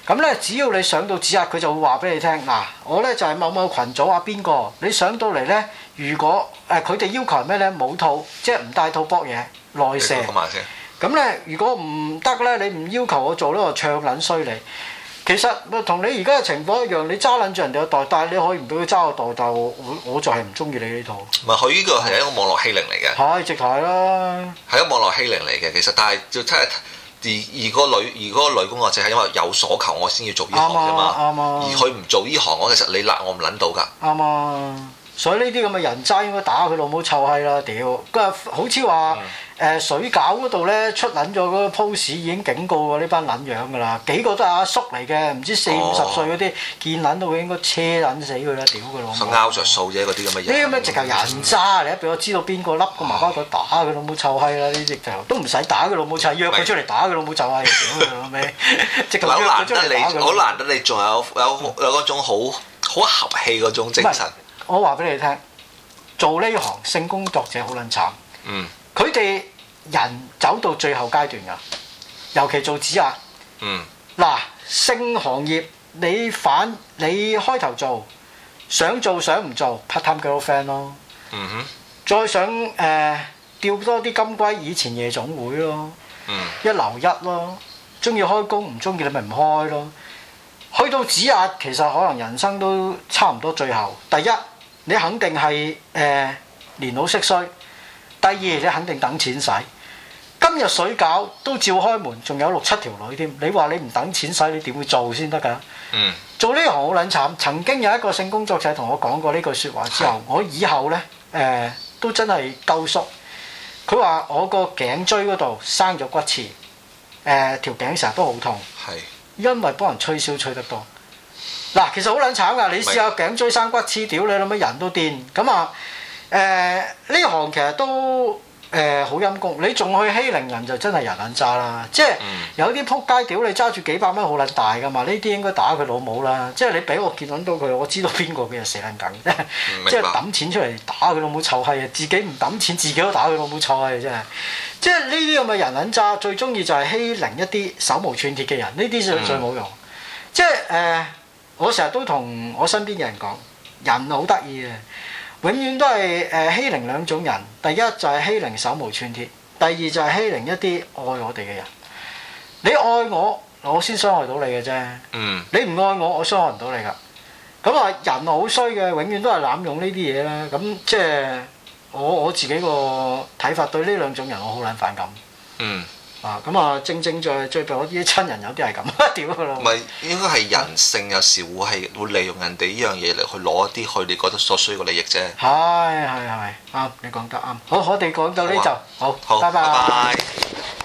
咁咧，只要你上到指壓，佢就會話俾你聽。嗱，我咧就係、是、某某群組啊，邊個你上到嚟咧？如果誒佢哋要求咩咧？冇套，即係唔帶套搏嘢內射。講埋先。咁咧，如果唔得咧，你唔要求我做呢個，唱撚衰你。其實咪同你而家嘅情況一樣，你揸撚住人哋個袋，但係你可以唔俾佢揸個袋，但係我我就係唔中意你呢套。唔係佢呢個係一個網絡欺凌嚟嘅。係，直頭係啦。係一個網絡欺凌嚟嘅，其實但係就睇而而個女而個女工作者係因為有所求，我先要做呢行啫嘛。啱啊嘛！嘛而佢唔做呢行，我其實你鬧我唔撚到㗎。啱啊嘛！所以呢啲咁嘅人渣應該打佢老母臭閪啦！屌，咁啊 part ition Negative. part ition 好似話誒水餃嗰度咧出撚咗嗰個 pose 已經警告過呢班撚樣噶啦，幾個都係阿叔嚟嘅，唔知四五十歲嗰啲見撚到會應該車撚死佢啦！屌佢老母！佢拗着數啫，嗰啲咁嘅嘢！呢啲咩直頭人渣，你一俾我知道邊個，笠個麻包袋打佢老母臭閪啦！呢啲就，都唔使打佢老母臭閪，約佢出嚟打佢老母臭閪，屌佢老味！好難得你，好難得你仲有有有嗰種好好合氣嗰種精神。我話俾你聽，做呢行性工作者好撚慘。嗯。佢哋人走到最後階段㗎，尤其做指壓。嗯。嗱，性行業你反你開頭做，想做想唔做，part-time girlfriend 咯。嗯哼。再想誒調、呃、多啲金龜以前夜總會咯。嗯、一留一咯，中意開工唔中意你咪唔開咯。去到指壓其實可能人生都差唔多最後，第一。第一你肯定係誒、呃、年老色衰，第二你肯定等錢使。今日水餃都照開門，仲有六七條女添。你話你唔等錢使，你點會做先得㗎？嗯，做呢行好卵慘。曾經有一個性工作者同我講過呢句説話之後，是我以後呢，誒、呃、都真係夠縮。佢話我個頸椎嗰度生咗骨刺，誒、呃、條頸成日都好痛，是因為幫人吹簫吹得多。嗱，其實好撚慘噶，的你試下頸椎生骨黐屌，你諗乜人都癲咁啊？誒、呃，呢行其實都誒好陰功。你仲去欺凌人就真係人撚渣啦！即係、嗯、有啲撲街屌你揸住幾百蚊好撚大噶嘛？呢啲應該打佢老母啦！即係你俾我見揾到佢，我知道邊個俾人死撚緊，即係揼白錢出嚟打佢老母臭閪啊！自己唔揼錢，自己都打佢老母臭閪啊！真係，即係呢啲咁嘅人撚渣，最中意就係欺凌一啲手無寸鐵嘅人，呢啲最些最冇用。即係誒。我成日都同我身邊嘅人講，人好得意嘅，永遠都係誒欺凌兩種人。第一就係欺凌手無寸鐵，第二就係欺凌一啲愛我哋嘅人。你愛我，我先傷害到你嘅啫。嗯。你唔愛我，我傷害唔到你噶。咁啊，人啊好衰嘅，永遠都係濫用呢啲嘢啦。咁即係我我自己個睇法，對呢兩種人我好撚反感。嗯。啊！咁啊，正正就最弊我啲親人有啲係咁點㗎啦？唔係應該係人性，有時會係會利用人哋呢樣嘢嚟去攞啲佢哋覺得所需嘅利益啫。係係係，啱，你講得啱。好，我哋講到呢度。好吧，好。好，拜拜 bye。Bye bye